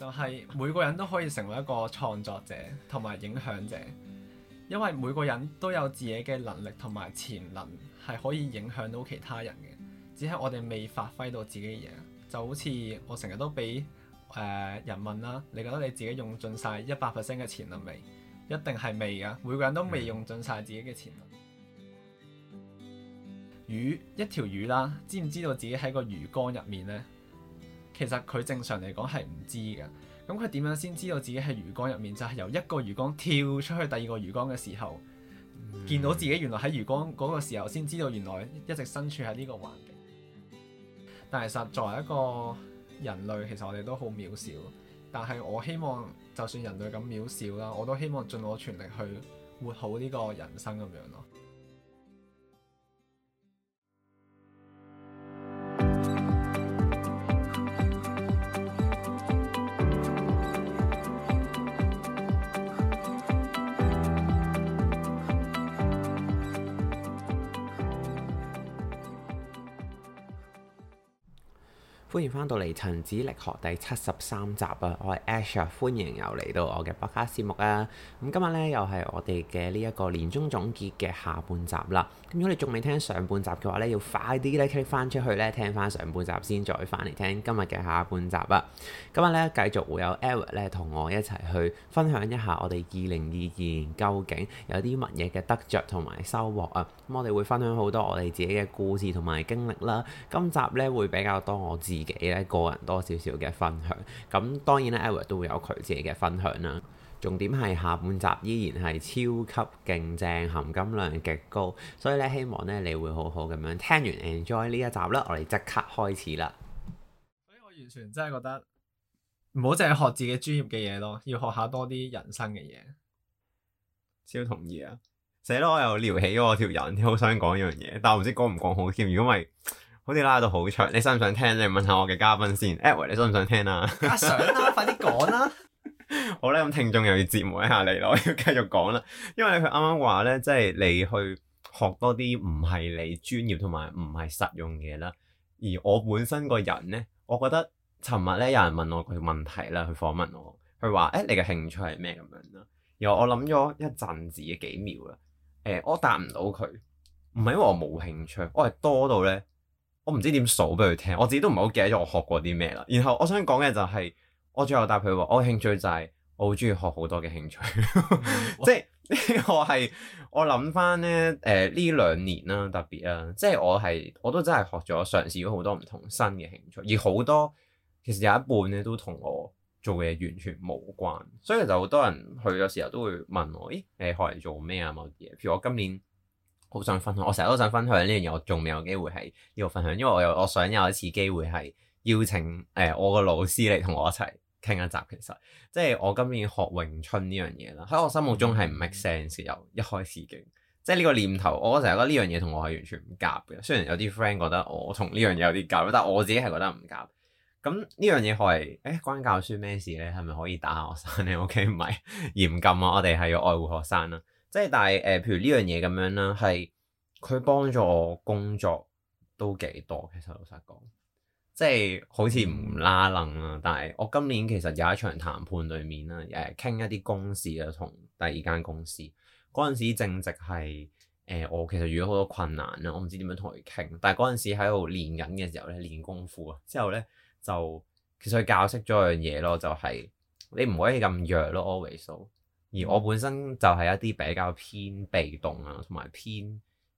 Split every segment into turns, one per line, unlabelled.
就係每個人都可以成為一個創作者同埋影響者，因為每個人都有自己嘅能力同埋潛能，係可以影響到其他人嘅。只係我哋未發揮到自己嘅嘢，就好似我成日都俾誒、呃、人問啦，你覺得你自己用盡晒一百 percent 嘅潛能未？一定係未㗎，每個人都未用盡晒自己嘅潛能。魚一條魚啦，知唔知道自己喺個魚缸入面呢？其實佢正常嚟講係唔知嘅。咁佢點樣先知道自己喺魚缸入面？就係、是、由一個魚缸跳出去第二個魚缸嘅時候，嗯、見到自己原來喺魚缸嗰個時候，先知道原來一直身處喺呢個環境。但係其實作為一個人類，其實我哋都好渺小。但係我希望，就算人類咁渺小啦，我都希望盡我全力去活好呢個人生咁樣咯。
歡迎翻到嚟《塵籽力學》第七十三集啊！我係 Ash 啊，歡迎又嚟到我嘅 Podcast 節目啊！咁今日呢，又係我哋嘅呢一個年終總結嘅下半集啦。咁如果你仲未聽上半集嘅話呢，要快啲呢 click 翻出去呢，聽翻上半集先，再翻嚟聽今日嘅下半集啊！今日呢，繼續會有 Edward 呢同我一齊去分享一下我哋二零二二年究竟有啲乜嘢嘅得着同埋收穫啊！咁、嗯、我哋會分享好多我哋自己嘅故事同埋經歷啦。今集呢，會比較多我自己嘅咧個人多少少嘅分享，咁當然咧 Edward 都會有佢自己嘅分享啦。重點係下半集依然係超級勁正，含金量極高，所以咧希望咧你會好好咁樣聽完 enjoy 呢一集啦。我哋即刻開始啦。
所以我完全真係覺得唔好淨係學自己專業嘅嘢咯，要學下多啲人生嘅嘢。超同意啊！
死咯，我又撩起咗我條人，好想講一樣嘢，但係我唔知講唔講好添。如果咪～好似拉到好長，你想唔想聽？你問下我嘅嘉賓先。Edward 你想唔想聽啊？想
啦，啊， 快啲講啦！
好咧，咁聽眾又要折磨一下你咯，我要繼續講啦。因為佢啱啱話呢，即、就、係、是、你去學多啲唔係你專業同埋唔係實用嘢啦。而我本身個人呢，我覺得尋日呢，有人問我個問題啦，佢訪問我，佢話 Edward 嘅興趣係咩咁樣啦？而我諗咗一陣子嘅幾秒啦。誒、呃，我答唔到佢，唔係因為我冇興趣，我係多到呢。我唔知點數俾佢聽，我自己都唔好記得咗我學過啲咩啦。然後我想講嘅就係、是，我最後答佢話，我興趣就係我好中意學好多嘅興趣， 即係呢個係我諗翻呢，誒、呃、呢兩年啦、啊、特別啦、啊，即係我係我都真係學咗嘗試咗好多唔同新嘅興趣，而好多其實有一半咧都同我做嘅嘢完全冇關，所以就好多人去嘅時候都會問我，咦，你學嚟做咩啊某啲嘢？譬如我今年，好想分享，我成日都想分享呢樣嘢，我仲未有機會喺呢度分享，因為我有我想有一次機會係邀請誒、呃、我個老師嚟同我一齊傾一集。其實即係我今年學詠春呢樣嘢啦，喺我心目中係唔 make sense 由一開始嘅，即係呢個念頭，我成日覺得呢樣嘢同我係完全唔夾嘅。雖然有啲 friend 覺得我同呢樣嘢有啲夾，但係我自己係覺得唔夾。咁呢樣嘢學嚟，誒關教書咩事咧？係咪可以打下學生咧？OK 唔係， 嚴禁啊！我哋係要愛護學生啦、啊。即係，但係誒、呃，譬如呢樣嘢咁樣啦，係佢幫助我工作都幾多。其實老實講，即係好似唔拉楞啦。但係我今年其實有一場談判裏面啦，誒，傾一啲公事啊，同第二間公司嗰陣時正值係誒，我其實遇到好多困難啊，我唔知點樣同佢傾。但係嗰陣時喺度練緊嘅時候咧，練功夫啊，之後咧就其實佢教識咗樣嘢咯，就係、是、你唔可以咁弱咯，Always。而我本身就係一啲比較偏被動啊，同埋偏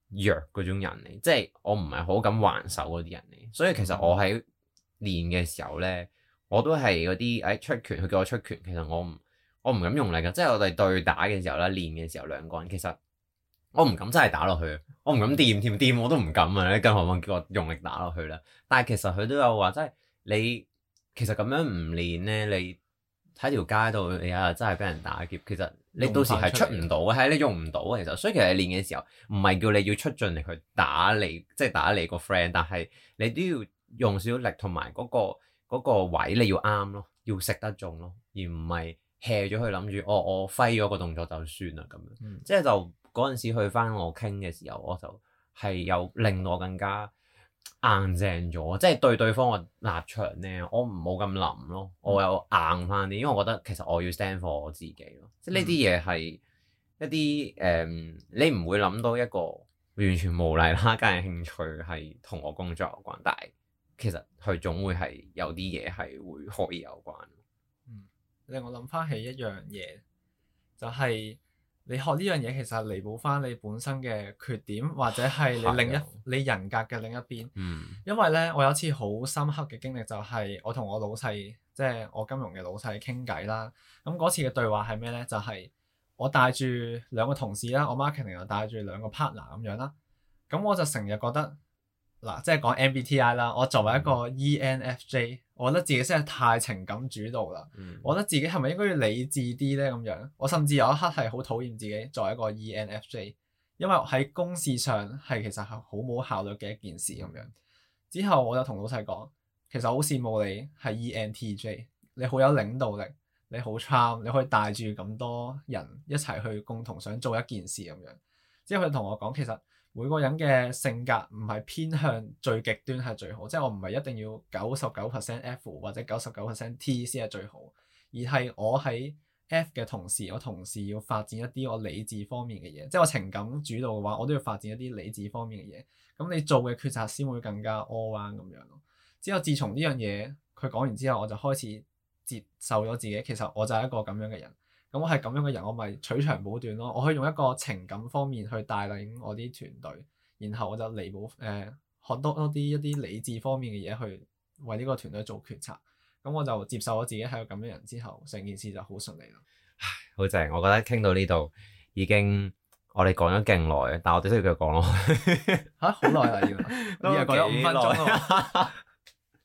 弱嗰種人嚟，即係我唔係好敢還手嗰啲人嚟。所以其實我喺練嘅時候咧，我都係嗰啲誒出拳，佢叫我出拳，其實我唔我唔敢用力㗎。即係我哋對打嘅時候啦，練嘅時候兩個人，其實我唔敢真係打落去，我唔敢掂掂掂，我都唔敢啊！更何況叫我用力打落去啦。但係其實佢都有話，即係你其實咁樣唔練咧，你。喺條街度，你、哎、呀真係俾人打劫。其實你到時係出唔到嘅，係你用唔到嘅。其實，所以其實你練嘅時候，唔係叫你要出盡力去打你，即係打你個 friend，但係你都要用少少力，同埋嗰個位你要啱咯，要食得中咯，而唔係 hea 咗佢，諗住我我揮咗個動作就算啦咁樣。嗯、即係就嗰陣時去翻我傾嘅時候，我就係有令我更加硬正咗，即係對對方嘅立場呢，我唔冇咁諗咯，嗯、我有硬翻啲，因為我覺得其實我要 stand for 我自己咯，即係呢啲嘢係一啲誒、嗯嗯，你唔會諗到一個完全無厘啦，梗係興趣係同我工作有關，但係其實佢總會係有啲嘢係會可以有關。嗯。
令我諗翻起一樣嘢，就係、是。你學呢樣嘢其實係彌補翻你本身嘅缺點，或者係你另一你人格嘅另一邊。嗯、因為咧，我有一次好深刻嘅經歷就係我同我老細，即係我金融嘅老細傾偈啦。咁嗰次嘅對話係咩咧？就係、是、我帶住兩個同事啦，我 marketing 又帶住兩個 partner 咁樣啦。咁我就成日覺得。嗱，即係講 MBTI 啦，我作為一個 ENFJ，我覺得自己真係太情感主導啦。我覺得自己係咪應該要理智啲呢？咁樣，我甚至有一刻係好討厭自己作為一個 ENFJ，因為喺公事上係其實係好冇效率嘅一件事咁樣。之後我就同老細講，其實好羨慕你係 ENTJ，你好有領導力，你好 charm，、um, 你可以帶住咁多人一齊去共同想做一件事咁樣。之後佢同我講，其實每個人嘅性格唔係偏向最極端係最好，即係我唔係一定要九十九 percent F 或者九十九 percent T 先係最好，而係我喺 F 嘅同時，我同時要發展一啲我理智方面嘅嘢，即係我情感主導嘅話，我都要發展一啲理智方面嘅嘢。咁你做嘅決策先會更加 all round 咁樣咯。之後自從呢樣嘢佢講完之後，我就開始接受咗自己，其實我就係一個咁樣嘅人。咁我係咁樣嘅人，我咪取長補短咯。我可以用一個情感方面去帶領我啲團隊，然後我就彌補誒，學、呃、多多啲一啲理智方面嘅嘢去為呢個團隊做決策。咁我就接受我自己係個咁樣人之後，成件事就好順利啦。
唉，好正，我覺得傾到呢度已經，我哋講咗勁耐，但係我哋都要繼續講咯。嚇，好耐啊，要，而家講咗五分鐘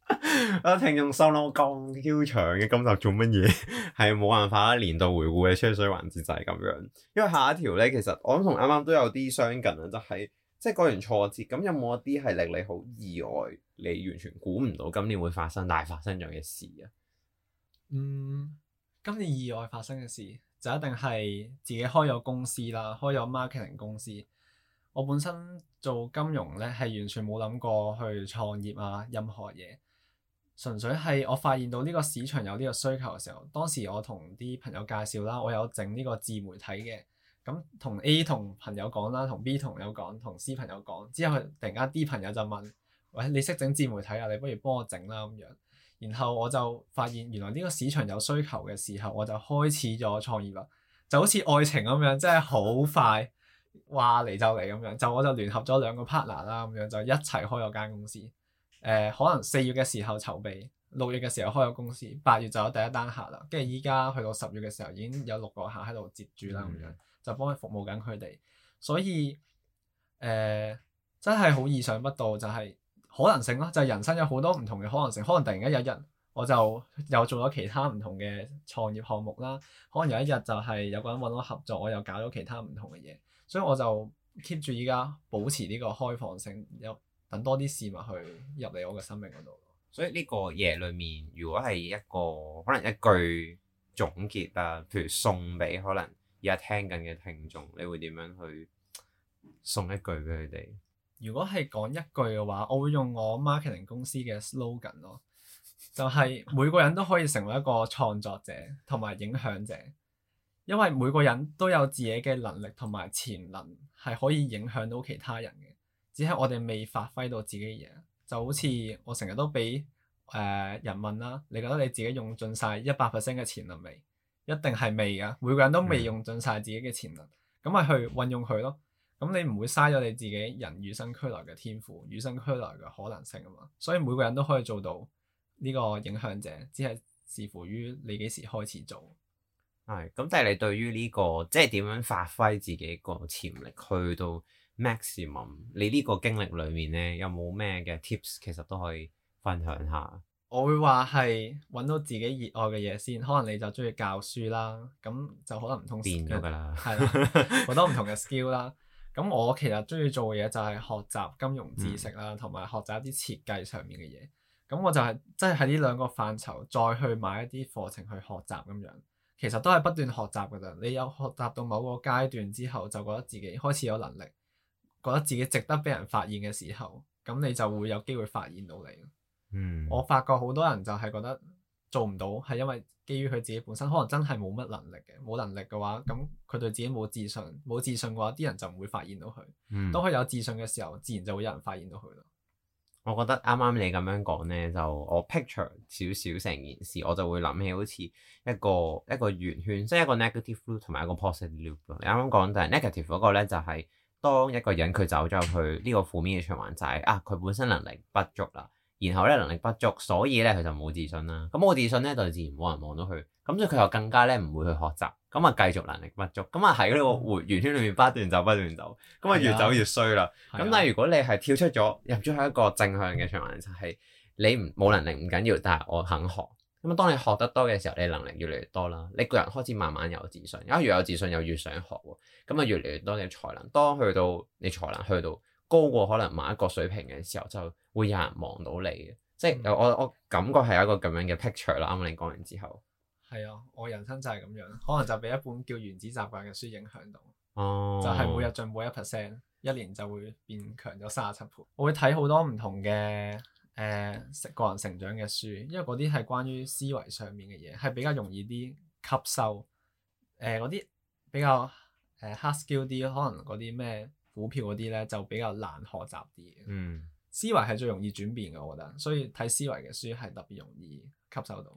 我聽眾收腦咁 Q 長嘅，今集做乜嘢係冇辦法，年度回顧嘅吹水環節就係咁樣。因為下一條呢，其實我諗同啱啱都有啲相近啊，就係、是、即係過完挫折，咁有冇一啲係令你好意外，你完全估唔到今年會發生但係發生咗嘅事啊？
嗯，今年意外發生嘅事就一定係自己開咗公司啦，開咗 marketing 公司。我本身做金融呢，係完全冇諗過去創業啊，任何嘢。純粹係我發現到呢個市場有呢個需求嘅時候，當時我同啲朋友介紹啦，我有整呢個自媒體嘅，咁同 A 同朋友講啦，同 B 同朋友講，同 C 朋友講之後，突然間 D 朋友就問：「喂，你識整自媒體啊？你不如幫我整啦咁樣。然後我就發現原來呢個市場有需求嘅時候，我就開始咗創業啦，就好似愛情咁樣，真係好快話嚟就嚟咁樣，就我就聯合咗兩個 partner 啦，咁樣就一齊開咗間公司。誒、呃、可能四月嘅時候籌備，六月嘅時候開咗公司，八月就有第一單客啦。跟住依家去到十月嘅時候，已經有六個客喺度接住啦咁樣，嗯、就幫佢服務緊佢哋。所以誒、呃、真係好意想不到，就係、是、可能性咯，就係、是、人生有好多唔同嘅可能性。可能突然間有一日我就又做咗其他唔同嘅創業項目啦。可能有一日就係有個人揾我合作，我又搞咗其他唔同嘅嘢。所以我就 keep 住依家保持呢個開放性有。等多啲事物去入嚟我嘅生命嗰度。
所以呢個夜裏面，如果係一個可能一句總結啊，譬如送俾可能而家聽緊嘅聽眾，你會點樣去送一句俾佢哋？
如果係講一句嘅話，我會用我 marketing 公司嘅 slogan 咯，就係每個人都可以成為一個創作者同埋影響者，因為每個人都有自己嘅能力同埋潛能，係可以影響到其他人嘅。只係我哋未發揮到自己嘅嘢，就好似我成日都俾誒、呃、人問啦，你覺得你自己用盡晒一百 percent 嘅潛能未？一定係未噶，每個人都未用盡晒自己嘅潛能，咁咪去運用佢咯。咁你唔會嘥咗你自己人與生俱來嘅天賦，與生俱來嘅可能性啊嘛。所以每個人都可以做到呢個影響者，只係視乎於你幾時開始做。
係、嗯，咁但係你對於呢、呢個即係點樣發揮自己個潛力去到 maximum，你呢個經歷裏面呢，有冇咩嘅 tips？其實都可以分享下。
我會話係揾到自己熱愛嘅嘢先，可能你就中意教書啦，咁就可能唔同。變咗㗎、呃、 啦，係啦，好多唔同嘅 skill 啦。咁我其實中意做嘅嘢就係學習金融知識啦，同埋、嗯、學習一啲設計上面嘅嘢。咁我就係真係喺呢兩個範疇再去買一啲課程去學習咁樣，其實都係不斷學習㗎咋。你有學習到某個階段之後，就覺得自己開始有能力。覺得自己值得俾人發現嘅時候，咁你就會有機會發現到你。嗯，我發覺好多人就係覺得做唔到，係因為基於佢自己本身可能真係冇乜能力嘅。冇能力嘅話，咁佢對自己冇自信，冇自信嘅話，啲人就唔會發現到佢。嗯，當佢有自信嘅時候，自然就會有人發現到佢咯。
我覺得啱啱你咁樣講呢，就我 picture 少少成件事，我就會諗起好似一個一個圓圈，即係一個 negative loop 同埋一個 positive loop。你啱啱講就 negative 嗰個咧，就係。當一個人佢走咗入去呢個負面嘅循環就係、是、啊，佢本身能力不足啦，然後咧能力不足，所以咧佢就冇自信啦。咁我自信咧就自然冇人望到佢，咁所以佢又更加咧唔會去學習，咁啊繼續能力不足，咁啊喺呢個圓圈裏面不斷走不斷走，咁啊越走越衰啦。咁、啊、但係如果你係跳出咗，入咗喺一個正向嘅循環就係、是、你唔冇能力唔緊要，但係我肯學。咁啊，當你學得多嘅時候，你能力越嚟越多啦，你個人開始慢慢有自信，一越有自信又越想學喎，咁啊越嚟越多嘅才能。當去到你才能去到高過可能某一個水平嘅時候，就會有人望到你嘅，即係我我感覺係一個咁樣嘅 picture 啦。啱啱你講完之後，
係啊，我人生就係咁樣，可能就俾一本叫《原子習慣》嘅書影響到，哦、就係每日進步一 percent，一年就會變強咗三十七倍。我會睇好多唔同嘅。誒，成、呃、個人成長嘅書，因為嗰啲係關於思維上面嘅嘢，係比較容易啲吸收。誒、呃，嗰啲比較誒、呃、hard skill 啲，可能嗰啲咩股票嗰啲呢，就比較難學習啲。嗯，思維係最容易轉變嘅，我覺得，所以睇思維嘅書係特別容易吸收到。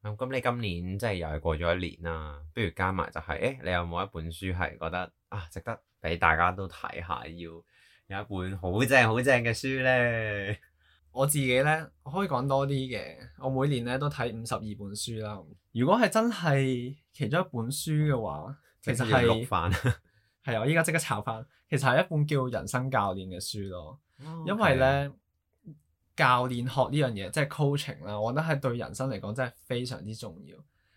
咁、嗯，你今年即係又係過咗一年啦，不如加埋就係、是，誒、欸，你有冇一本書係覺
得啊，值得俾大家都睇下，要有
一本好正好
正嘅書呢？我自己呢，可以講多啲嘅，我每年呢都睇五十二本書啦。如果係真係其中一本書嘅話，其實係六飯，係我依家即刻查返。其實係一本叫《人生教練》嘅書囉，因為呢，教練學呢樣嘢即係 coaching 啦，我覺得係對人生嚟講真係非常之重要。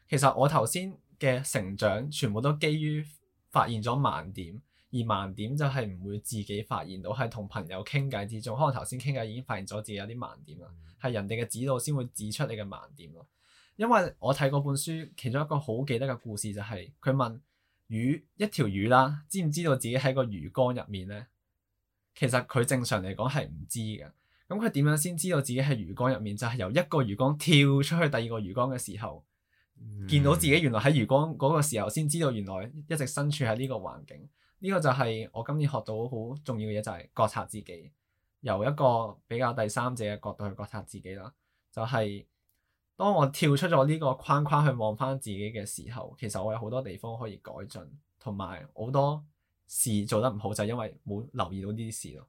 其實我頭先嘅成長全部都基於發現咗盲點。而盲點就係唔會自己發現到，係同朋友傾偈之中，可能頭先傾偈已經發現咗自己有啲盲點啦。係、mm hmm. 人哋嘅指導先會指出你嘅盲點咯。因為我睇嗰本書，其中一個好記得嘅故事就係、是、佢問魚一條魚啦，知唔知道自己喺個魚缸入面呢？其實佢正常嚟講係唔知嘅。咁佢點樣先知道自己喺魚缸入面？就係、是、由一個魚缸跳出去第二個魚缸嘅時候，mm hmm. 見到自己原來喺魚缸嗰個時候，先知道原來一直身處喺呢個環境。呢個就係我今年學到好重要嘅嘢，就係覺察自己，由一個比較第三者嘅角度去覺察自己啦。就係當我跳出咗呢個框框去望返自己嘅時候，其實我有好多地方可以改進，同埋好多事做得唔好就係因為冇留意到呢啲事咯。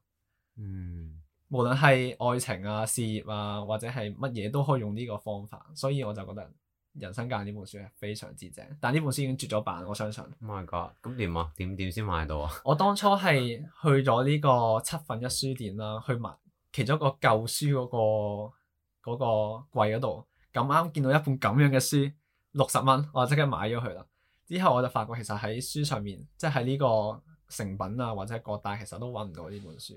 嗯，無論係愛情啊、事業啊，或者係乜嘢都可以用呢個方法，所以我就覺得。人生言格呢本書係非常之正，但呢本書已經絕咗版，我相信。唔係㗎，咁點啊？點點先買到啊？我當初係去咗呢個七分一書店啦，去買其中一個舊書嗰、嗰個嗰、嗰個、櫃嗰度，咁啱見到一本咁樣嘅書，六十蚊，我就即刻買咗佢啦。之後我就發覺其實喺書上面，即係喺呢個成品啊或者各大，其實都揾唔到呢本書，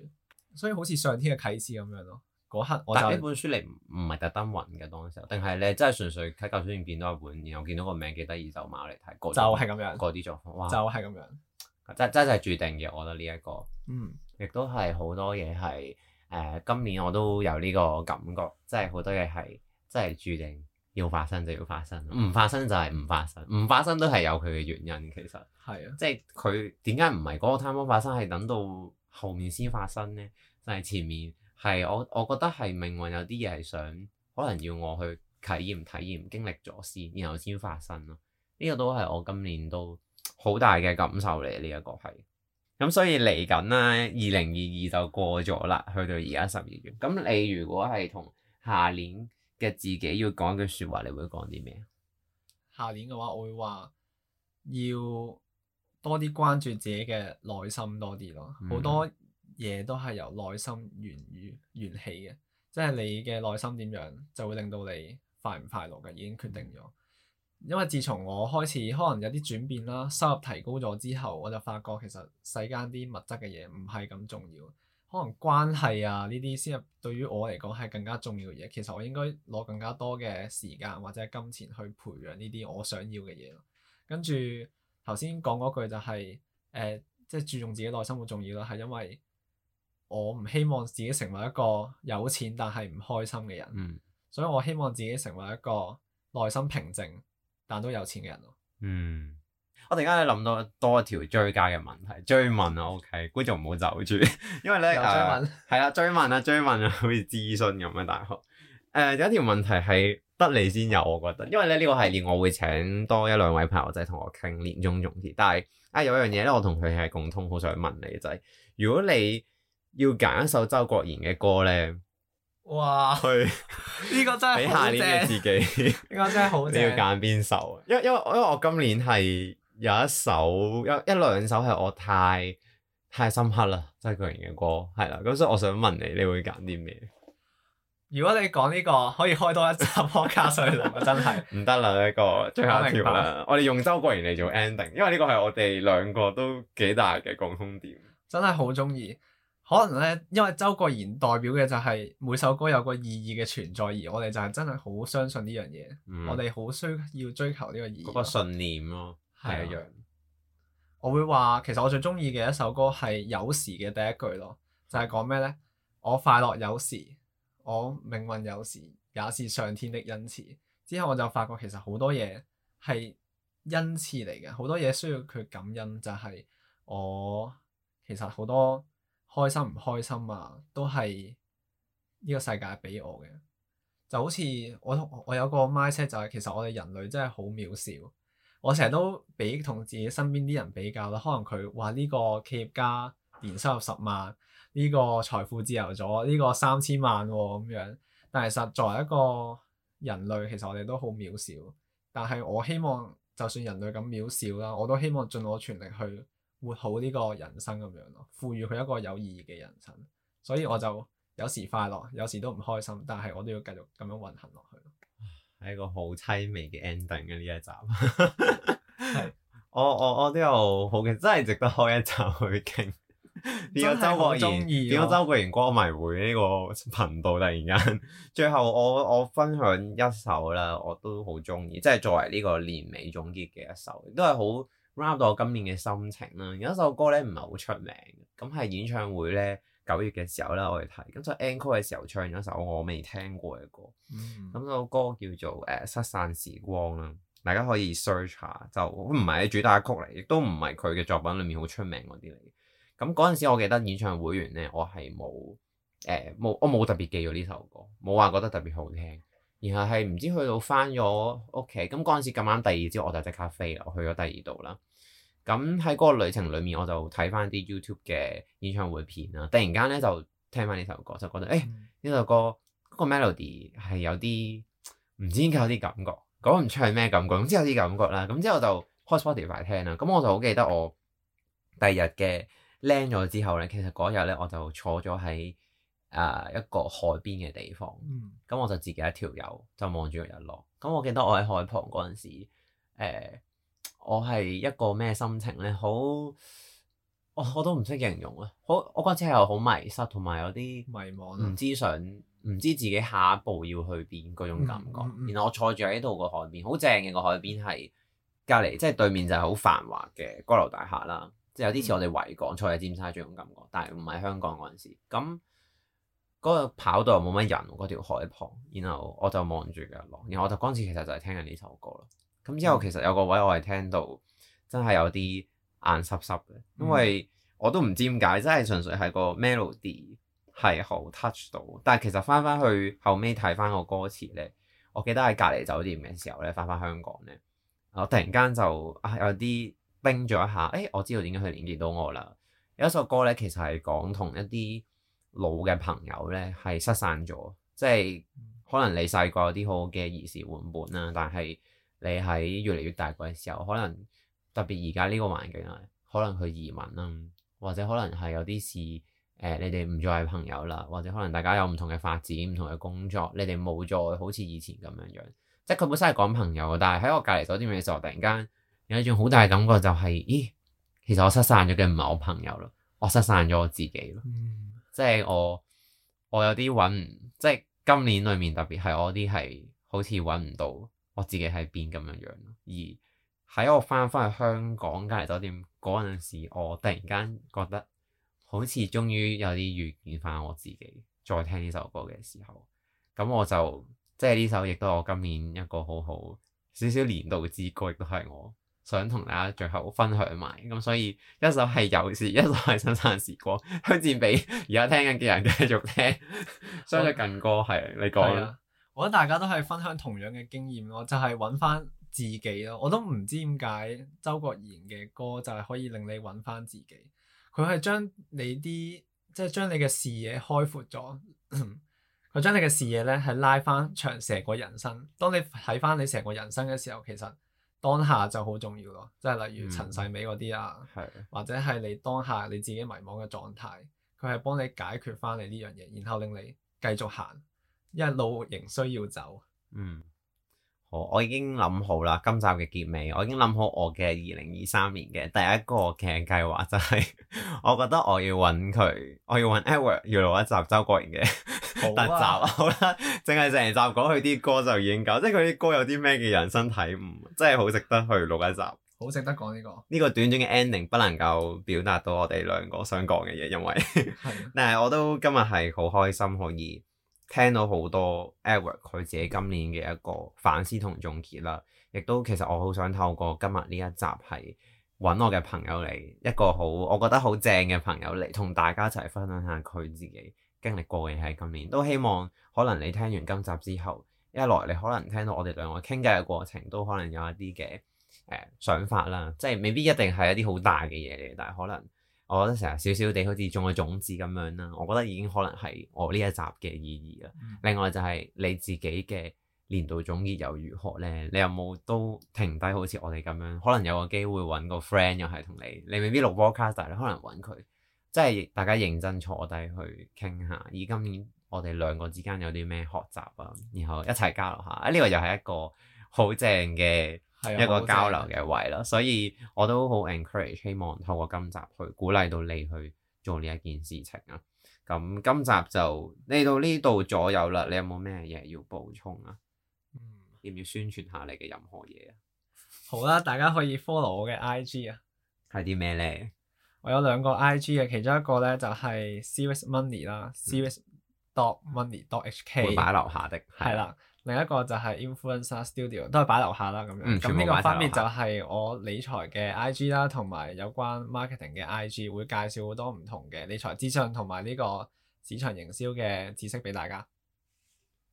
所以好似上天嘅啟示咁樣咯。刻，但係呢本書嚟
唔唔係特登揾
嘅，當時候定係
你真係純粹喺舊書店見到一本，然後見到個名幾得意就買嚟睇。就係咁樣。嗰啲狀況。哇就係咁
樣。
真真係注定嘅，我覺得呢一個。嗯。亦都係好多嘢係誒，今年我都有呢個感覺，即係好多嘢係真係注定要發生就要發生，唔發生就係唔發生，唔發生都係有佢嘅原因。其實。係啊的。即係佢點解唔係嗰個 time 方發生，係等到後面先發生呢？就係、是、前面。係我我覺得係命運有啲嘢係想可能要我去體驗體驗經歷咗先，然後先發生咯。呢、這個都係我今年都好大嘅感受嚟，呢、這、一個係。咁所以嚟緊咧，二零二二就過咗啦，去到而家十二月。咁你如果係同下年嘅自己要講一句說話，你會講啲
咩？下年嘅話，我會話要多啲關注自己嘅內心多啲咯，好、嗯、多。嘢都係由內心源於緣起嘅，即係你嘅內心點樣就會令到你快唔快樂嘅，已經決定咗。因為自從我開始可能有啲轉變啦，收入提高咗之後，我就發覺其實世間啲物質嘅嘢唔係咁重要，可能關係啊呢啲先係對於我嚟講係更加重要嘅嘢。其實我應該攞更加多嘅時間或者金錢去培養呢啲我想要嘅嘢。跟住頭先講嗰句就係誒，即係注重自己內心好重要啦，係因為。我唔希望自己成為一個有錢但係唔開心嘅人，嗯、所以我希望自己成為一個內心平靜但都有錢嘅人。嗯，
我突然間諗到多一條追加嘅問題，追問啊，OK，觀眾唔好走住，因為咧，係啊，追問啊，追問啊，好似諮詢咁樣啊，大學。誒、呃，有一條問題係得你先有，我覺得，因為咧呢、這個系列我會請多一兩位朋友仔同我傾，年終總結。但係啊、哎，有一樣嘢咧，我同佢係共通，好想問你嘅就係、是，如果你。要揀一首周國賢嘅歌呢？
哇！呢去笑個真係俾下年嘅自
己，呢個真係好 你要揀邊首？因 因為因為我今年係有一首，一一兩首係我太太深刻啦，周國賢嘅歌係啦。咁所以我想問你，你會揀啲咩？
如果你講呢、這個，可以開多一集《 我加水啦》真係
唔得啦！呢、這個最後一條啦。我哋用周國賢嚟做 ending，因為呢個係我哋兩個都幾大嘅共通點。
真係好中意。可能呢，因為周國賢代表嘅就係每首歌有個意義嘅存在，而我哋就係真係好相信呢樣嘢。嗯、我哋好需要追求呢個意義。嗰個信念咯、哦，係一樣。嗯、我會話其實我最中意嘅一首歌係《有時》嘅第一句咯，就係講咩呢？「我快樂有時，我命運有時也是上天的恩賜」。之後我就發覺其實好多嘢係恩賜嚟嘅，好多嘢需要佢感恩，就係、是、我其實好多。開心唔開心啊，都係呢個世界俾我嘅。就好似我我有個 mindset 就係、是、其實我哋人類真係好渺小。我成日都比同自己身邊啲人比較啦。可能佢話呢個企業家年收入十萬，呢、呢個財富自由咗，呢、呢個三千萬咁、哦、樣。但係實作為一個人類，其實我哋都好渺小。但係我希望，就算人類咁渺小啦，我都希望盡我全力去活好呢個人生咁樣咯，賦予佢一個有意義嘅人生。所以我就有時快樂，有時都唔開心，但係我都要繼續咁樣運行落去。係一個好凄美嘅 ending 嘅呢一集。 是
我我我都有好嘅，真係值得開一集去傾。 真係我中意。點解 周國賢歌、啊、迷會呢個頻道突然間，最後我我分享一首啦，我都好中意，即係作為呢個年尾總結嘅一首，都係好。r 到我今年嘅心情啦，有一首歌咧唔係好出名，咁係演唱會咧九月嘅時候啦，我哋睇，咁就 Encore 嘅時候唱咗一首我未聽過嘅歌，咁、mm hmm。首歌叫做誒、呃、失散時光啦，大家可以 search 下，就唔係主打曲嚟，亦都唔係佢嘅作品裡面好出名嗰啲嚟。咁嗰陣時我記得演唱會完咧，我係冇誒冇我冇特別記咗呢首歌，冇話覺得特別好聽。然後係唔知去到翻咗屋企，咁嗰陣時咁啱第二朝我就即刻飛我去咗第二度啦。咁喺嗰個旅程裏面，我就睇翻啲 YouTube 嘅演唱會片啦。突然間咧就聽翻呢首歌，就覺得誒呢、欸嗯、首歌嗰、那個 melody 係有啲唔知點解有啲感覺，講唔出係咩感覺，總之有啲感覺啦。咁之後就開 Spotify 聽啦。咁我就好記得我第二日嘅靚咗之後咧，其實嗰日咧我就坐咗喺。誒、uh, 一個海邊嘅地方，咁、嗯、我就自己一條友就望住日落。咁我記得我喺海旁嗰陣時、呃，我係一個咩心情咧？好，我都唔識形容啊！好，我嗰陣時係好迷失，同埋有啲迷茫、啊，唔知想，唔知自己下一步要去邊嗰種感覺。嗯嗯嗯、然後我坐住喺度個海邊，好正嘅個海邊係隔離，即係、就係、對面就係好繁華嘅高樓大廈啦，即係有啲似我哋維港，嗯、坐喺尖沙咀嗰種感覺，但係唔係香港嗰陣時咁。嗰個跑道又冇乜人、啊，嗰條海旁，然後我就望住佢落，然後我就嗰時其實就係聽緊呢首歌咯。咁之後其實有個位我係聽到真係有啲眼濕濕嘅，因為我都唔知點解，真係純粹係個 melody 係好 touch 到。但係其實翻翻去後尾睇翻個歌詞咧，我記得喺隔離酒店嘅時候咧，翻翻香港咧，我突然間就、啊、有啲冰咗一下，誒、哎、我知道點解佢連接到我啦。有一首歌咧，其實係講同一啲老嘅朋友呢係失散咗，即係可能你細個有啲好嘅兒時玩伴啦。但係你喺越嚟越大個嘅時候，可能特別而家呢個環境啊，可能佢移民啦，或者可能係有啲事誒、呃，你哋唔再係朋友啦，或者可能大家有唔同嘅發展、唔同嘅工作，你哋冇再好似以前咁樣樣。即係佢本身係講朋友，但係喺我隔離酒店嘅時候，突然間有一種好大嘅感覺、就係，就係咦，其實我失散咗嘅唔係我朋友咯，我失散咗我自己咯。嗯即係我，我有啲揾唔，即係今年裏面特別係我啲係好似揾唔到我自己喺邊咁樣樣。而喺我翻返去香港隔離酒店嗰陣時，我突然間覺得好似終於有啲遇見翻我自己。再聽呢首歌嘅時候，咁我就即係呢首，亦都我今年一個好好少少年度之歌，亦都係我。想同大家最後分享埋，咁所以一首係有時，一首係《生生時光》，推薦俾而家聽緊嘅人繼續聽。
所以 近
歌係你講、啊，我
覺得大家都係分享同樣嘅經驗咯，就係揾翻自己咯。我都唔知點解周國賢嘅歌就係可以令你揾翻自己。佢係將你啲即係將你嘅視野開闊咗，佢將 你嘅視野咧係拉翻長成個人生。當你睇翻你成個人生嘅時候，其實～當下就好重要咯，即係例如陳世美嗰啲啊，嗯、或者係你當下你自己迷茫嘅狀態，佢係幫你解決返你呢樣嘢，然後令你繼續行，一路仍需要走。嗯。
我已經諗好啦，今集嘅結尾，我已經諗好我嘅二零二三年嘅第一個劇計劃就係， 我覺得我要揾佢，我要揾 Edward，要錄一集周國賢嘅、啊、特集，好啦，淨係成集講佢啲歌就已經夠，即係佢啲歌有啲咩嘅人生體悟，真係好值得去錄一集，
好值得講呢、呢個。
呢個短短嘅 ending 不能夠表達到我哋兩個想講嘅嘢，因為、 啊，但係我都今日係好開心可以。聽到好多 Edward 佢自己今年嘅一個反思同總結啦，亦都其實我好想透過今日呢一集係揾我嘅朋友嚟一個好，我覺得好正嘅朋友嚟同大家一齊分享下佢自己經歷過嘅喺今年。都希望可能你聽完今集之後，一來你可能聽到我哋兩個傾偈嘅過程都可能有一啲嘅誒想法啦，即係未必一定係一啲好大嘅嘢嚟，但係可能。我覺得成日少少地好似種個種子咁樣啦，我覺得已經可能係我呢一集嘅意義啦。嗯、另外就係你自己嘅年度總結又如何呢？你有冇都停低好似我哋咁樣？可能有個機會揾個 friend 又係同你，你未必錄 podcast，但係你可能揾佢，即係大家認真坐低去傾下，而今年我哋兩個之間有啲咩學習啊，然後一齊交流下。啊，呢個又係一個好正嘅～一個交流嘅位啦，所以我都好 encourage，希望透過今集去鼓勵到你去做呢一件事情啊。咁今集就嚟到呢度左右啦，你有冇咩嘢要補充啊？嗯，要唔要宣傳下你嘅任何嘢啊？
好啦，大家可以 follow 我嘅 IG 啊。係啲咩咧？我有兩個 IG 嘅，其中一個咧就係、嗯、series money 啦，series dot money dot hk。我擺樓下的係啦。另一個就係 Influencer Studio，都係擺樓下啦咁樣。咁呢、嗯、個方面就係我理財嘅 IG 啦、嗯，同埋有關 marketing 嘅 IG，會介紹好多唔同嘅理財資訊同埋呢個市場營銷嘅知識俾大家。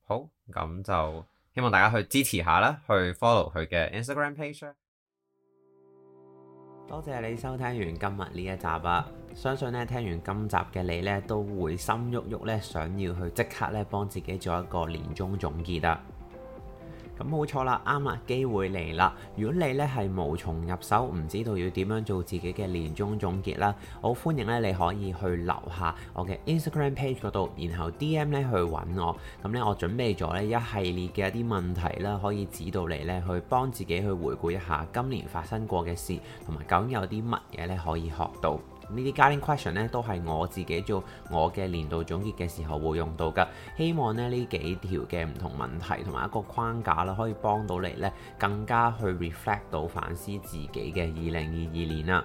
好，咁就希望大家去支持下啦，去 follow 佢嘅 Instagram page。多謝你收聽完今日呢一集啊！相信咧聽完今集嘅你呢，都會心郁郁呢，想要去即刻呢幫自己做一個年終總結啊。咁冇錯啦，啱啦，機會嚟啦！如果你呢係無從入手，唔知道要點樣做自己嘅年終總結啦，我好歡迎你可以去留下我嘅 Instagram page 嗰度，然後 DM 呢去揾我。咁呢，我準備咗呢一系列嘅一啲問題啦，可以指導你呢去幫自己去回顧一下今年發生過嘅事，同埋究竟有啲乜嘢呢可以學到。呢啲 guiding question 咧，都係我自己做我嘅年度總結嘅時候會用到噶希望咧呢幾條嘅唔同問題同埋一個框架啦，可以幫到你呢更加去 reflect 到反思自己嘅二零二二年啦。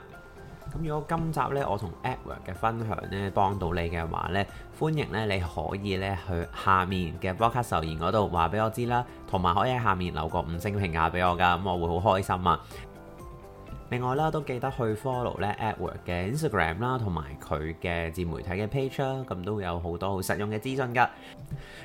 咁如果今集呢，我同 Edward 嘅分享呢幫到你嘅話呢，歡迎呢你可以呢去下面嘅 blog 首頁嗰度話俾我知啦，同埋可以喺下面留個五星評價俾我噶咁我會好開心啊！另外啦，都記得去 follow 咧 Edward 嘅 Instagram 啦，同埋佢嘅自媒體嘅 page，咁都會有好多好實用嘅資訊㗎。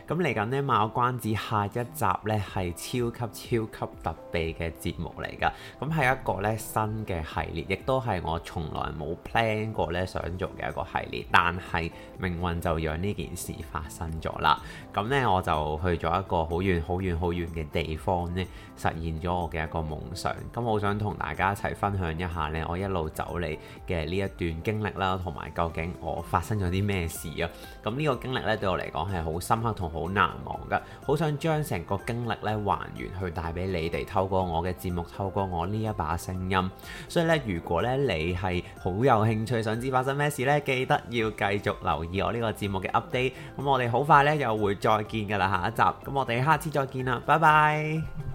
咁嚟緊呢，賣關子下一集呢，係超級超級特別嘅節目嚟㗎。咁係一個呢新嘅系列，亦都係我從來冇 plan 過呢想做嘅一個系列。但係命運就讓呢件事發生咗啦。咁呢，我就去咗一個好遠、好遠、好遠嘅地方呢，實現咗我嘅一個夢想。咁我想同大家一齊分享。分享一下呢，我一路走嚟嘅呢一段經歷啦，同埋究竟我發生咗啲咩事啊？咁呢個經歷呢，對我嚟講係好深刻同好難忘噶，好想將成個經歷呢還原去帶俾你哋。透過我嘅節目，透過我呢一把聲音，所以呢，如果呢你係好有興趣想知發生咩事呢，記得要繼續留意我呢個節目嘅 update。咁我哋好快呢，又會再見噶啦。下一集，咁我哋下次再見啦，拜拜。